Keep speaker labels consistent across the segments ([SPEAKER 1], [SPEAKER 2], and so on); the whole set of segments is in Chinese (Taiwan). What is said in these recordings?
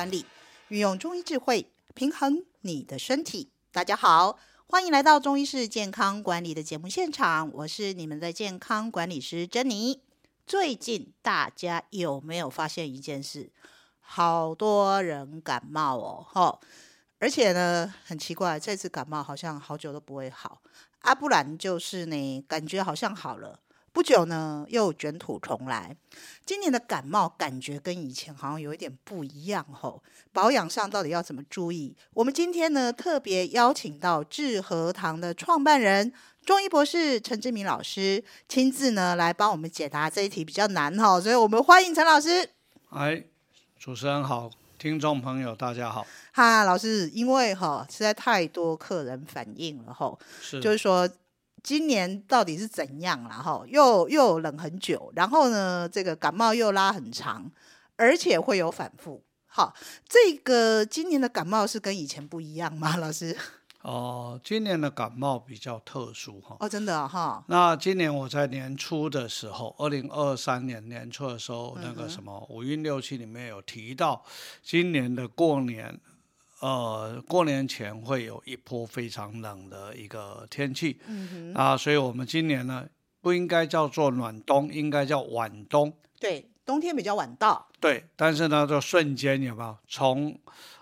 [SPEAKER 1] 管理運用中醫智慧，平衡你的身體。大家好，歡迎來到中醫式健康管理的節目現場，我是你們的健康管理師珍妮。最近大家有沒有發現一件事？好多人感冒哦，哦而且呢，很奇怪，這次感冒好像好久都不會好。啊不然就是呢，感覺好像好了。不久呢，又捲土重來。今年的感冒感覺跟以前好像有一點不一樣哦。保養上到底要怎麼注意？我們今天呢，特別邀請到致和堂的創辦人、中醫博士陳志明老師，親自呢來幫我們解答這一題比較難哈、哦，所以我們歡迎陳老師。
[SPEAKER 2] 哎，主持人好，聽眾朋友大家好。
[SPEAKER 1] 哈，老師，因為哈、哦，實在太多客人反映了哈、哦，是，就是說。今年到底是怎樣了哈？又又冷很久，然後呢，這個感冒又拉很長，而且會有反復。好、哦，這個今年的感冒是跟以前不一樣嗎？老師？
[SPEAKER 2] 哦、呃，今年的感冒比較特殊哈。
[SPEAKER 1] 哦，哦，真的哈、哦。
[SPEAKER 2] 哦、那今年我在年初的時候，二零二三年年初的時候，嗯、哼那個什麼五運六氣裡面有提到，今年的過年。呃，過年前會有一波非常冷的一個天氣，嗯
[SPEAKER 1] 哼，啊，
[SPEAKER 2] 所以我們今年呢，不應該叫做暖冬，應該叫晚冬。
[SPEAKER 1] 對，冬天比較晚到。
[SPEAKER 2] 對，但是呢，就瞬間有沒有從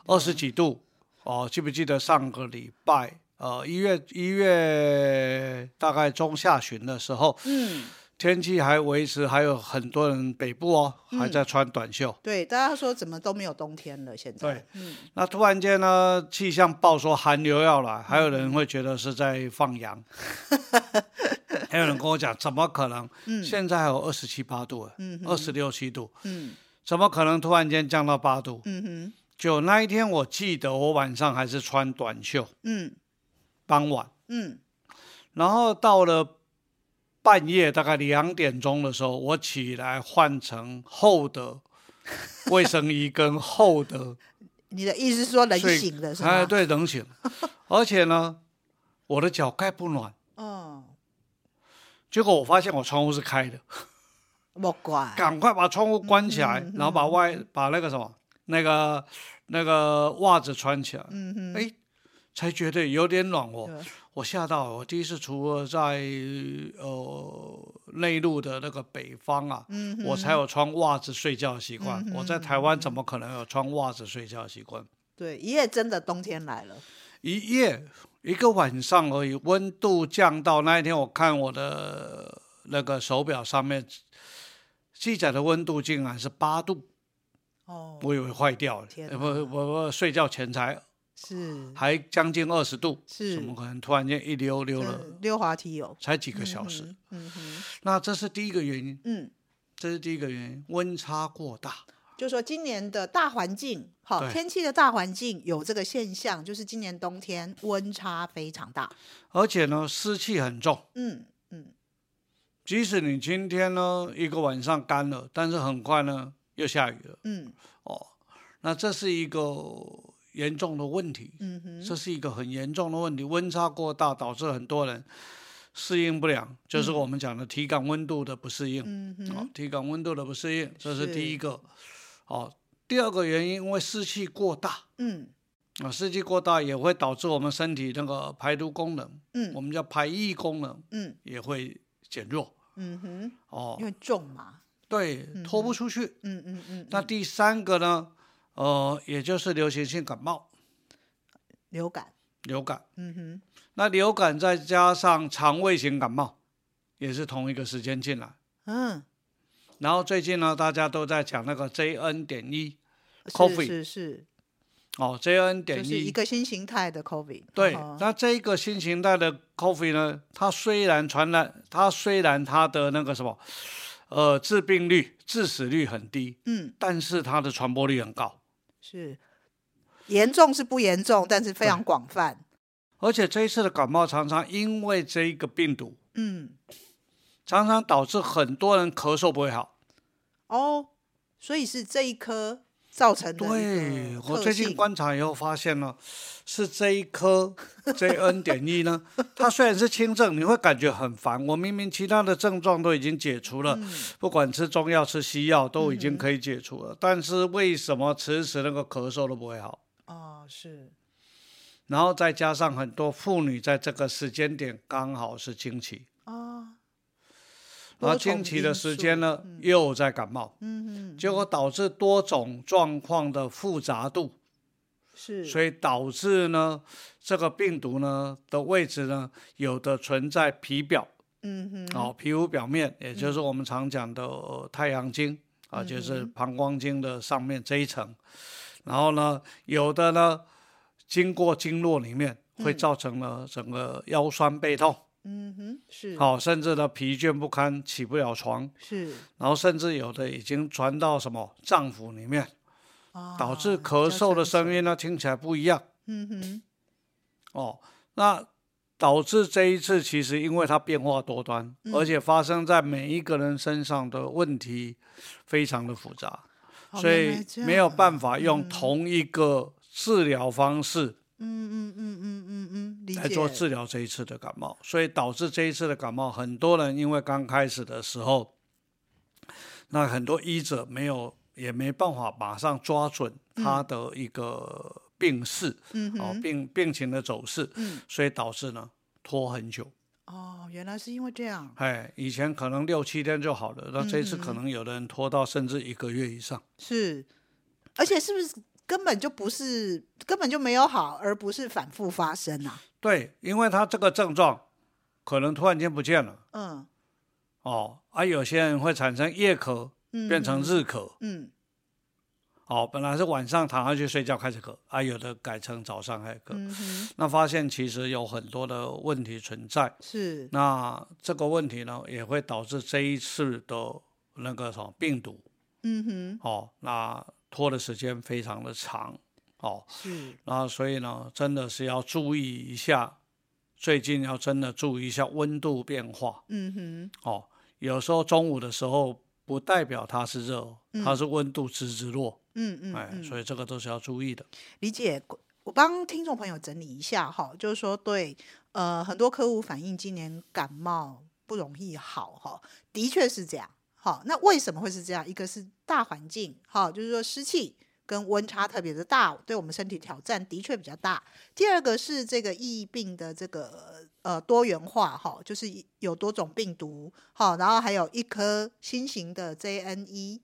[SPEAKER 2] 二十幾度哦？嗯，呃，記不記得上個禮拜？呃，一月一月大概中下旬的時候。
[SPEAKER 1] 嗯。
[SPEAKER 2] 天氣還維持，還有很多人北部哦，還在穿短袖。嗯、
[SPEAKER 1] 對，大家說怎麼都沒有冬天了？現在對，
[SPEAKER 2] 嗯、那突然間呢？氣象報說寒流要來，還有人會覺得是在放羊。 還有人跟我講，怎麼可能？嗯、現在還有二十七八度，二十六七度，怎麼可能突然間降到八度？嗯、哼就那一天，我記得我晚上還是穿短袖。嗯、傍晚，嗯、然後到了。半夜大概兩點鐘的時候，我起來換成厚的衛生衣跟厚的。
[SPEAKER 1] 你的意思是說冷醒的是吧？哎，
[SPEAKER 2] 對，冷醒 而且呢，我的腳蓋不暖。哦。結果我發現我窗戶是開的。
[SPEAKER 1] 莫怪。
[SPEAKER 2] 趕快把窗戶關起來，嗯、哼哼然後把外把那個什麼那個那個襪子穿起來。嗯嗯哼。哎，才覺得有點暖和。我嚇到了，我第一次除了在呃內陸的那個北方啊，嗯、哼哼我才有穿襪子睡覺的習慣。嗯、哼哼哼我在台灣怎麼可能有穿襪子睡覺習慣？
[SPEAKER 1] 對，一夜真的冬天來了，
[SPEAKER 2] 一夜對一個晚上而已，溫度降到那一天，我看我的那個手錶上面記載的溫度竟然是八度，哦、我以為壞掉了，哪我我我睡覺前才。是，還將近二十度，是，怎麼可能突然間一溜溜了？
[SPEAKER 1] 溜滑梯有，才
[SPEAKER 2] 幾個小時。嗯哼，那這是第一個原
[SPEAKER 1] 因。
[SPEAKER 2] 嗯，這是第一個原因，溫差過大。
[SPEAKER 1] 就是說，今年的大環境，好，天氣的大環境有這個現象，就是今年冬天溫差非常大，
[SPEAKER 2] 而且呢，濕氣很重。
[SPEAKER 1] 嗯
[SPEAKER 2] 嗯，即使你今天呢一個晚上乾了，但是很快呢又下雨了。嗯哦，那這是一個。嚴重的問題，嗯、哼這是一個很嚴重的問題。溫差過大導致很多人適應不良，就是我們講的體感溫度的不適應。好、嗯哼哦，體感溫度的不適應，這是第一個。是哦，第二個原因因為濕氣過大。嗯，啊、哦，濕氣過大也會導致我們身體那個排毒功能，嗯、我們叫排異功能，嗯、也會減弱。嗯
[SPEAKER 1] 哼，哦，因為重嘛。對，拖不出去。嗯嗯，嗯
[SPEAKER 2] 嗯嗯。那第三個呢？呃，也就是流行性感冒，
[SPEAKER 1] 流感，
[SPEAKER 2] 流感，嗯哼，那流感再加上腸胃型感冒，也是同一個時間進來，嗯，然後最近呢，大家都在講那個 JN 點一，是是是，哦 JN 點一，就是一個
[SPEAKER 1] 新型態的 COVID，對，哦、那
[SPEAKER 2] 這個新型態的 COVID 呢，它雖然傳染，它雖然它的那個什麼，呃，緻病率、緻死率很低，嗯，但是它的傳播率很高。
[SPEAKER 1] 是嚴重是不嚴重，但是非常廣泛，
[SPEAKER 2] 而且這一次的感冒常常因為這一個病毒，嗯，常常導致很多人咳嗽不會好
[SPEAKER 1] 哦，所以是這一顆。造成對，
[SPEAKER 2] 我最近觀察以後發現了是這一顆 JN 點一呢， 它雖然是輕症，你會感覺很煩。我明明其他的症狀都已經解除了，嗯、不管吃中藥吃西藥都已經可以解除了，嗯、但是為什麼遲遲那個咳嗽都不會好？
[SPEAKER 3] 哦、是。
[SPEAKER 2] 然後再加上很多婦女在這個時間點剛好是經期啊，天氣的時間呢，又在感冒，嗯，結果導致多種狀況的複雜度，是、嗯，嗯、所以導致呢，是這個病毒呢的位置呢，有的存在皮表，嗯嗯、哦，皮膚表面，也就是我們常講的、呃、太陽經、嗯、啊，就是膀胱經的上面這一層，嗯、然後呢，有的呢，經過經絡裡面，會造成了整個腰痠背痛。嗯嗯嗯哼，是好，哦，甚至呢疲倦，不堪，起不了床，是。然後甚至有的已經傳到什麼臟腑裡面，哦、導致咳嗽的聲音呢聽起來不一樣。嗯
[SPEAKER 3] 哼，
[SPEAKER 2] 哦，那導致這一次其實因為它變化多端，嗯、而且發生在每一個人身上的問題非常的複雜，嗯、所以沒有辦法用同一個治療方式。嗯嗯嗯嗯嗯嗯，嗯嗯嗯嗯來做治療這一次的感冒，所以導致這一次的感冒，很多人因為剛開始的時候，那很多醫者沒有也沒辦法馬上抓準他的一個病勢，嗯、哦，病病情的走勢，嗯、哼所以導致呢拖很久。
[SPEAKER 1] 哦，原來是因為這
[SPEAKER 2] 樣。哎，以前可能六七天就好了，那這一次可能有的人拖到甚至一個月以上。嗯
[SPEAKER 1] 嗯是，而且是不是？根本就不是，根本就沒有好，而不是反复发生吶、啊。
[SPEAKER 2] 對，因為他這個症狀可能突然間不見
[SPEAKER 1] 了。
[SPEAKER 2] 嗯。哦，而、啊、有些人會產生夜咳，嗯、哼變成日咳。
[SPEAKER 3] 嗯。
[SPEAKER 2] 哦，本來是晚上躺下去睡覺開始咳，啊，有的改成早上開始咳。嗯、哼那發現其實有很多的問題存在。是。那這個問題呢，也會導致這一次的那個什麼病毒。嗯哼。哦，那。拖的時間非常的長哦，是，然後所以呢，真的是要注意一下，最近要真的注意一下溫度變化，嗯哼，哦，有時候中午的時候不代表它是熱，嗯、它是溫度直直落，嗯嗯，嗯嗯，哎，所以這個都是要注意的。理解，
[SPEAKER 1] 我幫聽眾朋友整理一下哈、哦，就是說對，呃，很多客戶反映今年感冒不容易好哈、哦，的確是這樣。好，那為什麼會是這樣？一個是大環境，哈，就是說濕氣跟溫差特別的大，對我們身體挑戰的確比較大。第二個是這個疫病的這個呃多元化，哈，就是有多種病毒，哈，然後還有一顆新型的 JN.1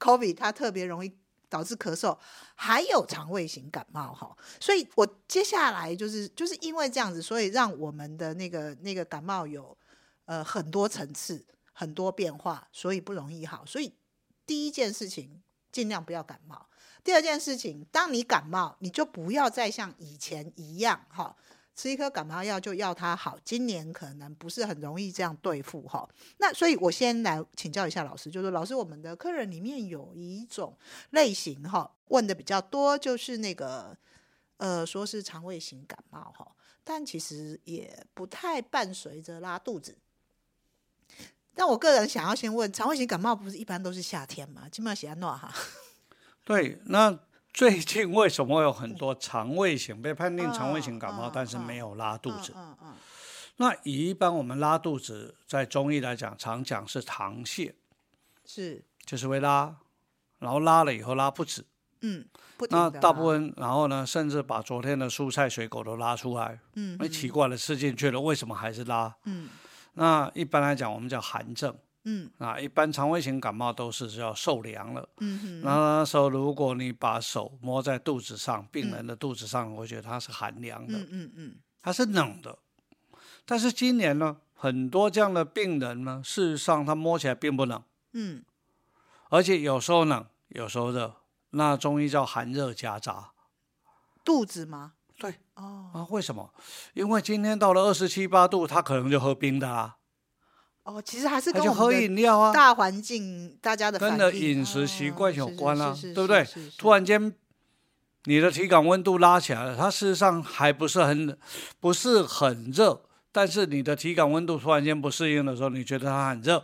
[SPEAKER 1] COVID，它特別容易導致咳嗽，還有腸胃型感冒，哈，所以我接下來就是就是因為這樣子，所以讓我們的那個那個感冒有呃很多層次。很多變化，所以不容易好。所以第一件事情盡量不要感冒。第二件事情，當你感冒，你就不要再像以前一樣，哈，吃一顆感冒藥就要它好。今年可能不是很容易這樣對付，哈。那所以，我先來請教一下老師，就是老師，我們的客人裡面有一種類型，哈，問的比較多，就是那個呃，說是腸胃型感冒，哈，但其實也不太伴隨着拉肚子。但我個人想要先問，腸胃型感冒不是一般都是夏天嘛？基本上喜歡暖，哈。
[SPEAKER 2] 對，那最近為什麼有很多腸胃型、嗯、被判定腸胃型感冒，嗯、但是沒有拉肚子？嗯、那一般我們拉肚子，在中醫來講，常講是溏瀉，是就是會拉，然後拉了以後拉不止，
[SPEAKER 3] 嗯，啊、那大部分
[SPEAKER 2] 然後呢，甚至把昨天的蔬菜水果都拉出來，嗯哼，那奇怪的吃進去了，為什麼還是拉？嗯。那一般來講，我們叫寒症。嗯，啊，一般腸胃型感冒都是要受涼
[SPEAKER 3] 了。嗯嗯。
[SPEAKER 2] 嗯，那那時候，如果你把手摸在肚子上，嗯、病人的肚子上，我覺得它，是寒涼的。嗯嗯，嗯它，是冷的，但是今年呢，很多這樣的病人呢，事實上他摸起來並不冷。嗯。而且有時候冷，有時候熱，那中醫叫寒熱夾雜，
[SPEAKER 1] 肚子嗎？
[SPEAKER 2] 對、哦、啊，為什麼？因為今天到了二十七八度，他可能就喝冰的啊。
[SPEAKER 1] 哦，其實還是他就喝飲料啊。大環境大家的跟的飲
[SPEAKER 2] 食習慣有關啊，對不對？是是是是，突然間，你的體感溫度拉起來了，它事實上還不是很不是很熱，但是你的體感溫度突然間不適應的時候，你覺得它很熱。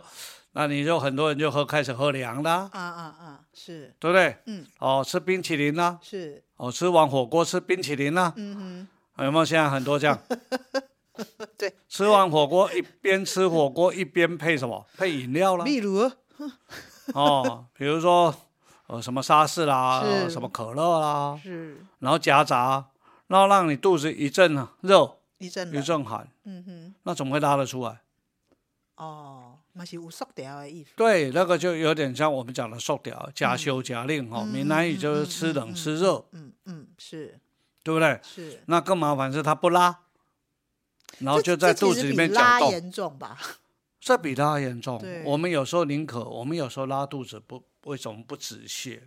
[SPEAKER 2] 那你就很多人就喝開始喝涼的啊
[SPEAKER 3] 啊啊，是
[SPEAKER 2] 對不對？嗯，哦，吃冰淇淋呢？是，哦，吃完火鍋吃冰淇淋呢？
[SPEAKER 3] 嗯
[SPEAKER 2] 嗯，有沒有現在很多這樣？對，吃完火鍋一邊吃火鍋一邊配什麼？配飲料了？例如，哦，比如說呃什麼沙士啦，什麼可樂啦，是，然後夾雜，然後讓你肚子一陣啊熱，一陣，一陣寒，嗯
[SPEAKER 1] 哼，
[SPEAKER 2] 那怎麼會拉得出來？哦。對，那個就有點像我們講的縮掉，加修加令哈。閩、嗯哦、南語就是吃冷吃熱、嗯。嗯嗯，嗯，嗯是，對不對？是。那更麻煩是他不拉，然後就在肚子裡面絞痛，比拉嚴
[SPEAKER 1] 重吧？
[SPEAKER 2] 這比他拉嚴重。對我們有時候寧可，我們有時候拉肚子不，為什麼不止瀉？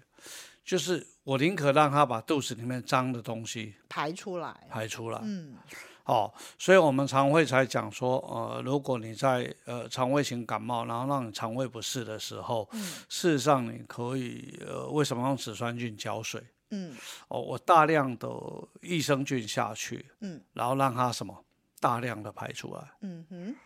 [SPEAKER 2] 就是我寧可讓他把肚子裡面髒的東西
[SPEAKER 1] 排出來，
[SPEAKER 2] 排出來。嗯。哦，所以我們常會才講說，呃，如果你在呃腸胃型感冒，然後讓你腸胃不適的時候，嗯、事實上你可以，呃，為什麼用乳酸菌澆水？嗯、哦，我大量的益生菌下去，嗯、然後讓它什麼大量的排出來。嗯、哼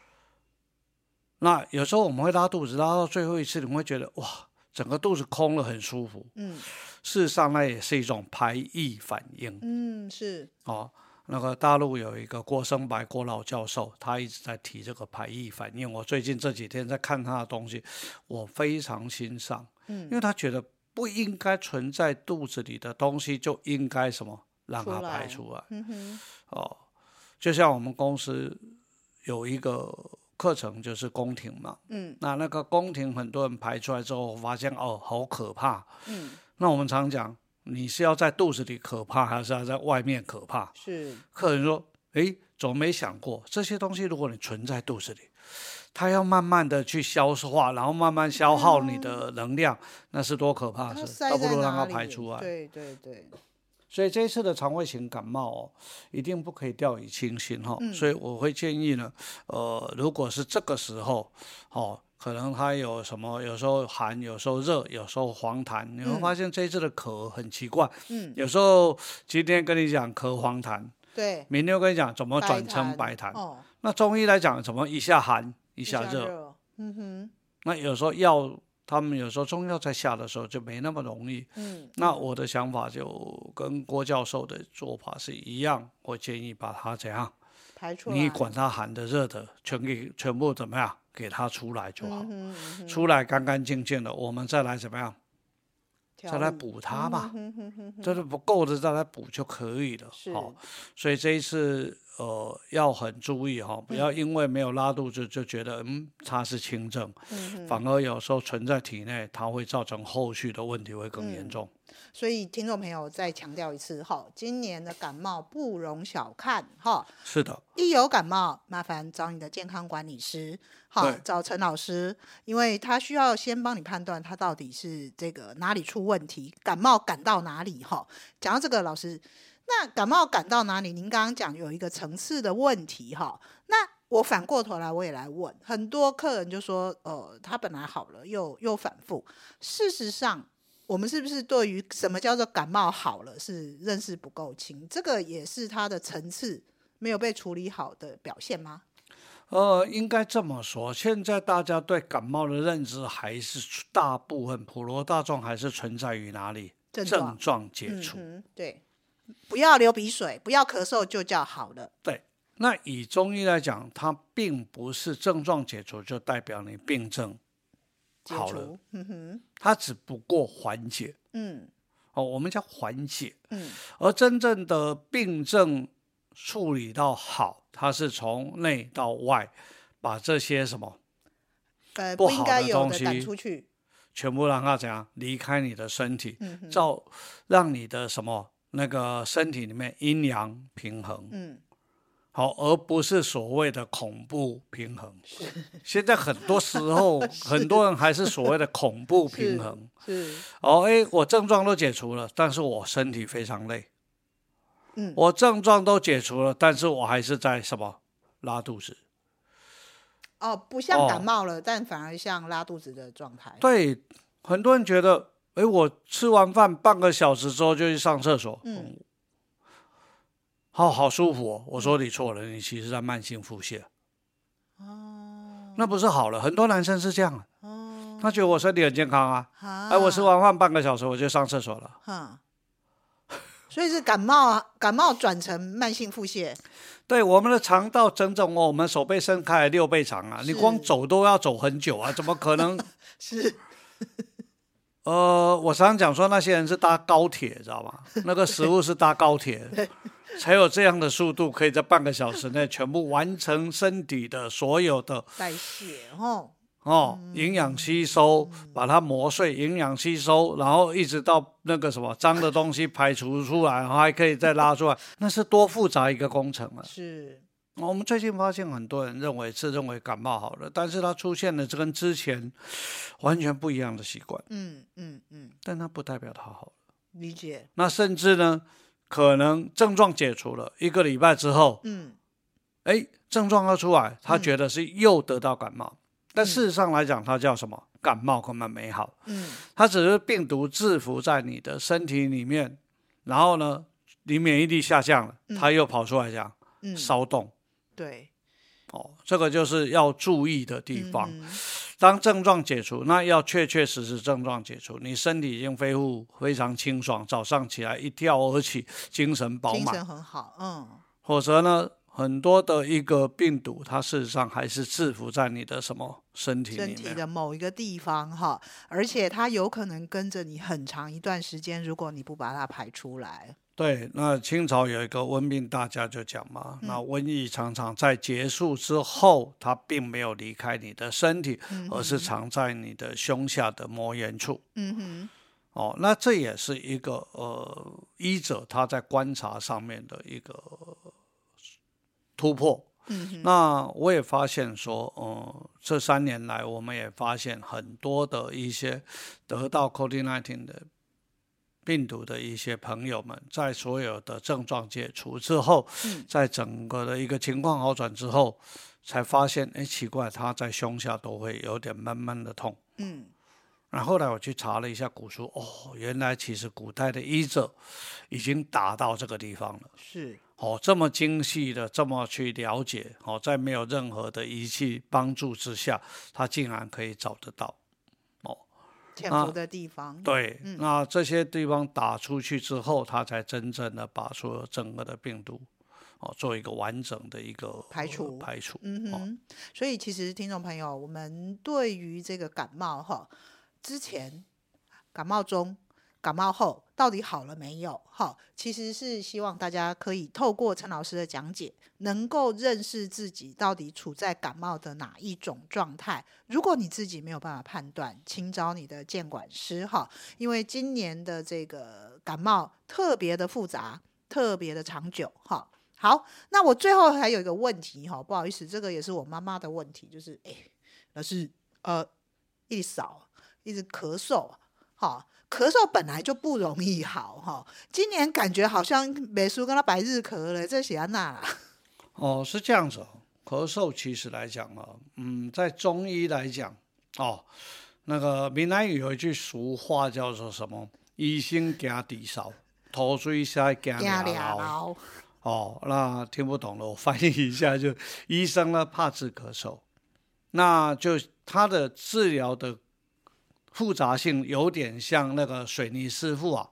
[SPEAKER 2] 那有時候我們會拉肚子，拉到最後一次，你會覺得哇，整個肚子空了，很舒服。嗯、事實上那也是一種排異反應。嗯，是。哦。那個大陸有一個郭生白郭老教授，他一直在提這個排異反應。因為我最近這幾天在看他的東西，我非常欣賞，嗯、因為他覺得不應該存在肚子裡的東西就應該什麼，讓它排出來，出來嗯、哦，就像我們公司有一個課程就是宮廷嘛，嗯、那那個宮廷很多人排出來之後我發現哦好可怕，嗯、那我們常講。你是要在肚子裡可怕，還是要在外面可怕？是客人說，哎，總沒想過這些東西，如果你存在肚子裡，它要慢慢的去消化，然後慢慢消耗你的能量，嗯、那是多可怕！是，倒不如讓它排出來。對對、嗯、對。對對，所以這一次的腸胃型感冒哦，一定不可以掉以輕心哈、哦。嗯、所以我會建議呢，呃，如果是這個時候，哦。可能他有什麼？有時候寒，有時候熱，有時候黃痰。你會發現這一次的咳很奇怪。嗯。有時候今天跟你講咳黃痰，對。明天我跟你講怎麼轉成白痰。白痰。哦。那中醫來講，怎麼一下寒一下，一下熱？嗯
[SPEAKER 3] 哼。
[SPEAKER 2] 那有時候藥，他們有時候中藥在下的時候就沒那麼容易。嗯。那我的想法就跟郭教授的做法是一樣，我建議把它怎樣？
[SPEAKER 1] 排除。你管
[SPEAKER 2] 它寒的熱的，全給全部怎麼樣？給它出來就好，嗯哼嗯
[SPEAKER 1] 哼，
[SPEAKER 3] 出
[SPEAKER 2] 來乾乾淨淨的，嗯、我們再來怎麼樣？再理來補它嘛，這是不夠的，再來補就可以了。是好，所以這一次呃要很注意哈、哦，不要因為沒有拉肚子就、嗯、就覺得嗯它是輕症，嗯、哼反而有時候存在體內，它會造成後續的問題會更嚴重。嗯
[SPEAKER 1] 所以，聽眾朋友再強調一次哈，今年的感冒不容小看哈。
[SPEAKER 2] 是的，
[SPEAKER 1] 一有感冒，麻煩找你的健康管理師，好，對找陳老師，因為他需要先幫你判斷他到底是這個哪裡出問題，感冒感到哪裡哈。講到這個老師，那感冒感到哪裡？您剛剛講有一個層次的問題哈。那我反過頭來，我也來問很多客人就說，呃，他本來好了，又又反覆。事實上。我們是不是對於什麼叫做感冒好了是認識不夠清？這個也是它的層次沒有被處理好的表現嗎？
[SPEAKER 2] 呃，應該這麼說，現在大家對感冒的認知還是大部分普羅大眾還是存在於哪裡症狀，症狀解除，
[SPEAKER 1] 嗯，對，不要流鼻水，不要咳嗽就叫好了。
[SPEAKER 2] 對，那以中醫來講，它並不是症狀解除就代表你病症好了，嗯、
[SPEAKER 3] 哼
[SPEAKER 2] 它只不過緩解，
[SPEAKER 3] 嗯、
[SPEAKER 2] 哦，我們叫緩解，嗯、而真正的病症處理到好，它是從內到外，把這些什麼，
[SPEAKER 1] 呃、不好的東西，不應該有的趕出去，
[SPEAKER 2] 全部讓它怎樣離開你的身體，嗯、哼照讓你的什麼那個身體裡面陰陽平衡，嗯好，而不是所謂的恐怖平衡。是現在很多時候， 是很多人還是所謂的恐怖平衡。是。是哦，哎、欸，我症狀都解除了，但是我身體非常累。嗯。我症狀都解除了，但是我還是在什麼？拉肚子。
[SPEAKER 1] 哦，不像感冒了，哦、但反而像拉肚子的狀態。
[SPEAKER 2] 對，很多人覺得，哎、欸，我吃完飯半個小時之後就去上廁所。嗯。好、哦、好舒服哦！我說你錯了，你其實在慢性腹瀉。哦，那不是好了？很多男生是這樣。哦、他覺得我身體很健康啊。哈哎，我吃完飯半個小時我就上廁所了。
[SPEAKER 1] 哈，所以是感冒，感冒轉成慢性腹瀉。
[SPEAKER 2] 對，我們的腸道整整、哦、我們手背伸開來六倍長啊！是你光走都要走很久啊，怎麼可能
[SPEAKER 3] 是？
[SPEAKER 2] 呃，我常常講說那些人是搭高鐵，你知道嗎？那個食物是搭高鐵。 才有這樣的速度，可以在半個小時內全部完成身體的所有的
[SPEAKER 1] 代謝，
[SPEAKER 2] 哈 哦，營養吸收，把它磨碎，營養吸收，然後一直到那個什麼髒的東西排除出來，然後還可以再拉出來， 那是多複雜一個工程啊！是我們最近發現，很多人認為是認為感冒好了，但是他出現了這跟之前完全不一樣的習慣，嗯嗯嗯，嗯嗯但它不代表他好了，理解。那甚至呢？可能症狀解除了一個禮拜之後，嗯，哎，症狀要出來，他覺得是又得到感冒，嗯、但事實上來講，他叫什麼？感冒根本沒好，嗯，他只是病毒蟄伏在你的身體裡面，然後呢，你免疫力下降了，嗯、他又跑出來講、嗯、騷動，嗯、對。哦，這個就是要注意的地方。嗯，當症狀解除，那要確確實實症狀解除，你身體已經恢復非常清爽，早上起來一跳而起，精神飽滿，精神很好，嗯。否則呢，很多的一個病毒，它事實上還是蟄伏在你的什麼身體身體的
[SPEAKER 1] 某一個地方哈，而且它有可能跟着你很長一段時間，如果你不把它排出來。
[SPEAKER 2] 對，那清朝有一個瘟病，大家就講嘛。嗯、那瘟疫常常在結束之後，它並沒有離開你的身體，嗯、哼而是藏在你的胸下的膜原處。嗯、哼哦，那這也是一個呃，醫者他在觀察上面的一個突破。嗯、哼那我也發現說，嗯、呃，這三年來，我們也發現很多的一些得到 COVID-19 的。病毒的一些朋友們，在所有的症狀解除之後，嗯、在整個的一個情況好轉之後，才發現，哎，奇怪，他在胸下都會有點悶悶的痛。嗯，然、啊、後來我去查了一下古書，哦，原來其實古代的醫者已經達到這個地方
[SPEAKER 3] 了。
[SPEAKER 2] 是，哦，這麼精細的這麼去了解，哦，在沒有任何的儀器幫助之下，他竟然可以找得到。
[SPEAKER 1] 潛伏的地方，對，嗯、
[SPEAKER 2] 那這些地方打出去之後，他才真正的把所有整個的病毒，哦，做一個完整的一個排除排除。嗯
[SPEAKER 1] 哼，所以其實聽眾朋友，我們對於這個感冒哈，之前感冒中。感冒後到底好了沒有？哈，其實是希望大家可以透過陳老師的講解，能夠認識自己到底處在感冒的哪一種狀態。如果你自己沒有辦法判斷，請找你的健管師哈。因為今年的這個感冒特別的複雜，特別的長久哈。好，那我最後還有一個問題哈，不好意思，這個也是我媽媽的問題，就是哎，老是呃，一掃一直咳嗽哈。哦咳嗽本來就不容易好哈，今年感覺好像美叔跟他百日咳了，這寫阿那。
[SPEAKER 2] 哦，是這樣子。咳嗽其實來講啊，嗯，在中醫來講哦，那個閩南語有一句俗話叫做什麼？ 醫生驚低燒，頭水曬驚流。 哦，那聽不懂了，我翻譯一下就：醫生呢怕治咳嗽，那就他的治療的複雜性有點像那個水泥師傅啊，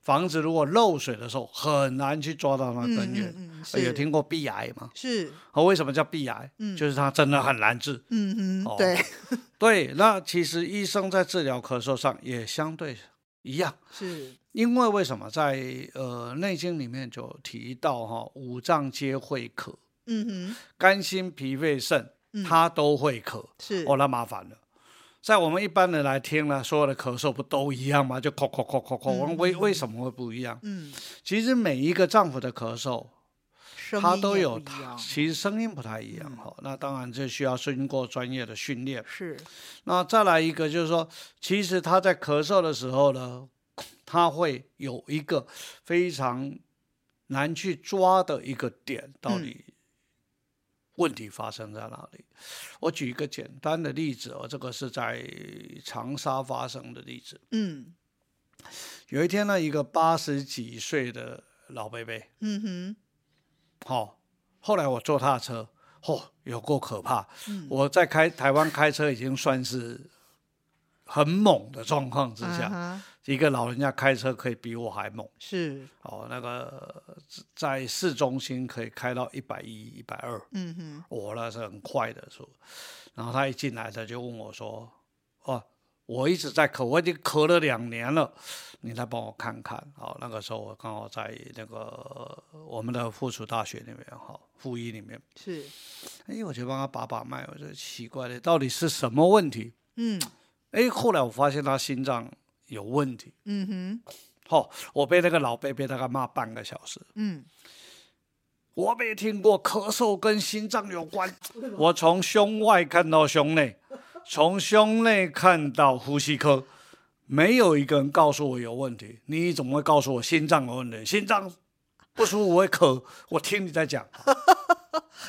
[SPEAKER 2] 房子如果漏水的時候，很難去抓到那根源。嗯，嗯，嗯，有聽過鼻癌嗎？是，啊，為什麼叫鼻癌？嗯，就是它真的很難治。嗯，哦、嗯嗯，對，對，那其實醫生在治療咳嗽上也相對一樣。是，因為為什麼在呃《內經》裡面就提到哈、哦，五臟皆會咳。嗯
[SPEAKER 3] 嗯。
[SPEAKER 2] 肝、心、脾、肺、腎，它都會咳。嗯、是，哦，那麻煩了。在我們一般人來聽了，所有的咳嗽不都一樣嗎？就咳咳咳咳咳。我們、嗯、為為什麼會不一樣？嗯，其實每一個臟腑的咳嗽，
[SPEAKER 3] 他都有，其
[SPEAKER 2] 實聲音不太一樣。哈、嗯，那當然這需要經過專業的訓練。是。那再來一個就是說，其實他在咳嗽的時候呢，他會有一個非常難去抓的一個點，到底、嗯。問題發生在哪裡？我舉一個簡單的例子、哦，我這個是在長沙發生的例子。嗯，有一天呢，一個八十幾歲的老伯伯，嗯
[SPEAKER 3] 哼，
[SPEAKER 2] 好、哦，後來我坐他的車，嚯、哦，有夠可怕。嗯、我在開台灣開車已經算是。很猛的狀況之下，yeah. uh huh. 一個老人家開車可以比我還猛。是哦，那個在市中心可以開到一百一、一百二。嗯哼，我那是很快的時候，然後他一進來，他就問我說：“哦、啊，我一直在咳，我已經咳了兩年了，你來幫我看看。”哦，那個時候我剛好在那個我們的附屬大學那邊哈，附一裡面。是，哎，我就幫他把把脈。我說奇怪了，到底是什麼問題？嗯。哎，後來我發現他心臟有問題。嗯哼，好、哦，我被那個老伯伯大概罵半個小時。嗯，我沒聽過咳嗽跟心臟有關。我從胸外看到胸內，從胸內看到呼吸科，沒有一個人告訴我有問題。你怎麼會告訴我心臟有問題？心臟不舒服會咳。我聽你在講。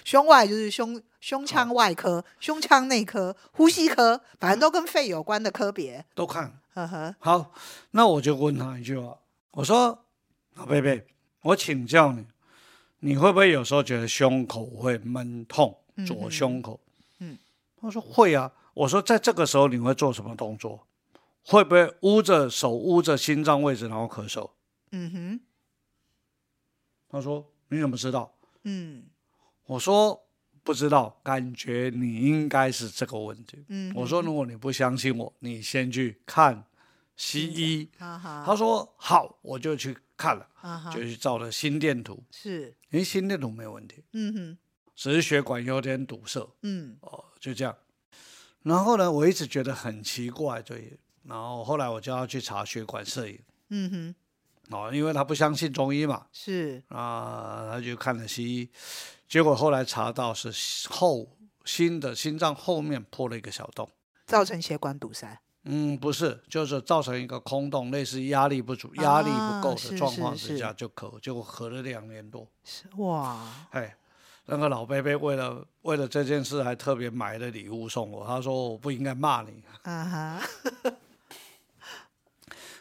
[SPEAKER 1] 胸外就是胸胸腔外科、哦、胸腔內科、呼吸科，反正都跟肺有關的科別都看。
[SPEAKER 2] 呵呵，好，那我就問他一句話，我說：“阿貝貝，我請教你，你會不會有時候覺得胸口會悶痛，左胸口？”嗯哼，嗯，他說會啊。我說，在這個時候你會做什麼動作？會不會捂着手捂着心臟位置然後咳嗽？
[SPEAKER 3] 嗯哼，
[SPEAKER 2] 他說：“你怎麼知道？”嗯。我說，不知道，感覺你應該是這個問題。嗯、哼我說，如果你不相信我，你先去看西醫。嗯、哼他說好，我就去看了，嗯、哼就去照了心電圖。是，因為心電圖沒有問題。嗯
[SPEAKER 3] 哼，
[SPEAKER 2] 只是血管有點堵塞。嗯，哦、呃，就這樣。然後呢，我一直覺得很奇怪，對，然後後來我就要去查血管攝影。嗯哼。哦、因為他不相信中醫嘛，是啊、呃，他就看了西醫，結果後來查到是後心的心臟後面破了一個小洞，
[SPEAKER 1] 造成血管堵塞。
[SPEAKER 2] 嗯，不是，就是造成一個空洞，類似壓力不足、壓力不夠的狀況之下就咳，啊、結果咳了兩年多。是哇，哎，那個老伯伯為了為了這件事還特別買了禮物送我，他說我不應該罵你。啊哈，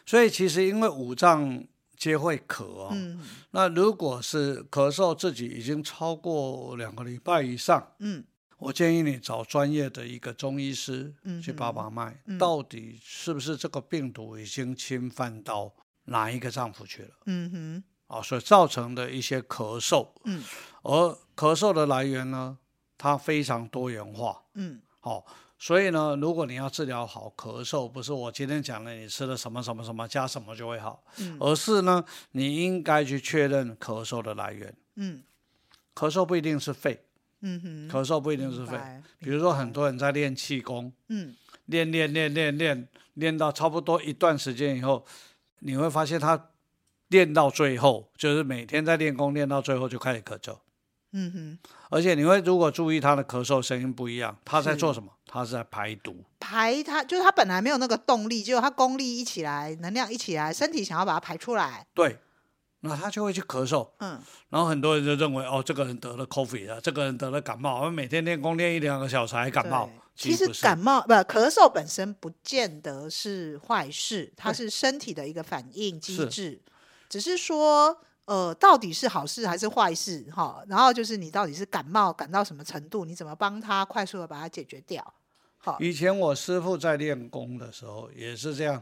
[SPEAKER 2] 所以其實因為五臟。皆會咳、哦，嗯、哼那如果是咳嗽，自己已經超過兩個禮拜以上，嗯、我建議你找專業的一個中醫師去把把脈，嗯、哼到底是不是這個病毒已經侵犯到哪一個臟腑去
[SPEAKER 3] 了，
[SPEAKER 2] 嗯哼，啊、哦，所以造成的一些咳嗽，
[SPEAKER 3] 嗯、
[SPEAKER 2] 而咳嗽的來源呢，它非常多元化，好、嗯。哦所以呢，如果你要治療好咳嗽，不是我今天講了你吃了什麼什麼什麼加什麼就會好，嗯，而是呢，你應該去確認咳嗽的來源。嗯，咳嗽不一定是肺，嗯哼，咳嗽不一定是肺。明白，比如說很多人在練氣功，嗯明白，練練練練練練到差不多一段時間以後，你會發現他練到最後，就是每天在練功練到最後就開始咳嗽。嗯哼，而且你會如果注意他的咳嗽聲音不一樣，他在做什麼？是他是在排毒，
[SPEAKER 1] 排，他就是他本來沒有那個動力，結果他功力一起來，能量一起來，身體想要把它排出來。
[SPEAKER 2] 對，那他就會去咳嗽。嗯，然後很多人就認為哦，這個人得了 COVID 啊，這個人得了感冒，我們每天練功練一兩個小時還感冒。對其實，其實
[SPEAKER 1] 感冒不，咳嗽本身不見得是壞事，它是身體的一個反應機制，是只是說。呃，到底是好事還是壞事？哈，然後就是你到底是感冒，感到什麼程度？你怎麼幫他快速的把它解決掉？好，
[SPEAKER 2] 以前我師父在練功的時候也是這樣，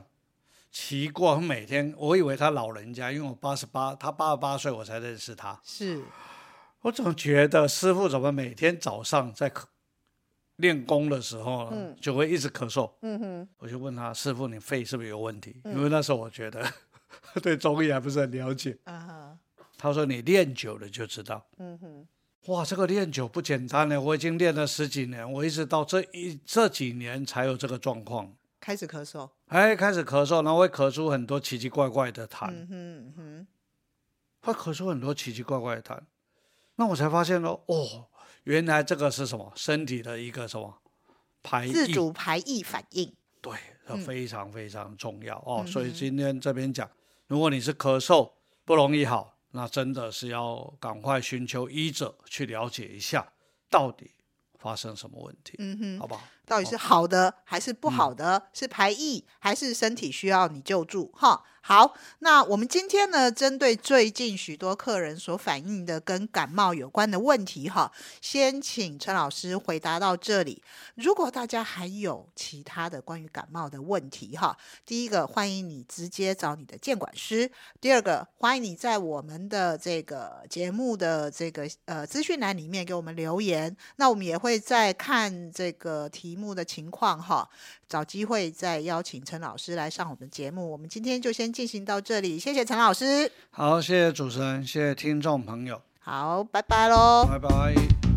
[SPEAKER 2] 奇怪，每天我以為他老人家，因為我八十八，他八十八歲，我才認識他。是，我總覺得師父怎麼每天早上在練功的時候，呢、嗯，就會一直咳嗽。嗯哼，我就問他師父，你肺是不是有問題？嗯、因為那時候我覺得。 對中醫還不是很了解，uh huh. 他說你練久了就知道，uh huh. 哇，這個練久不簡單呢。我已經練了十幾年，我一直到這一這幾年才有這個狀況，
[SPEAKER 1] 開始咳嗽，
[SPEAKER 2] 哎，開始咳嗽，然後會咳出很多奇奇怪怪的痰，嗯、
[SPEAKER 1] uh
[SPEAKER 2] huh. 會咳出很多奇奇怪怪的痰，那我才發現哦，原來這個是什麼身體的一個什麼排異自主排異反應，對，非常非常重要，uh huh. 哦，所以今天這邊講。如果你是咳嗽不容易好，那真的是要趕快尋求醫者去了解一下，到底發生什麼問題，嗯哼，好不好？
[SPEAKER 1] 到底是好的 Okay. 還是不好的？嗯、是排異還是身體需要你救助？哈，好，那我們今天呢，針對最近許多客人所反映的跟感冒有關的問題，哈，先請陳老師回答到這裡。如果大家還有其他的關於感冒的問題，哈，第一個歡迎你直接找你的健管師，第二個歡迎你在我們的這個節目的這個呃資訊欄裡面給我們留言。那我們也會再看這個題。題目的情況哈，找機會再邀請陳老師來上我們的節目。我們今天就先進行到這裡，謝謝陳老師，
[SPEAKER 2] 好，謝謝主持人，謝謝聽眾朋友，好，拜拜嘍，拜拜。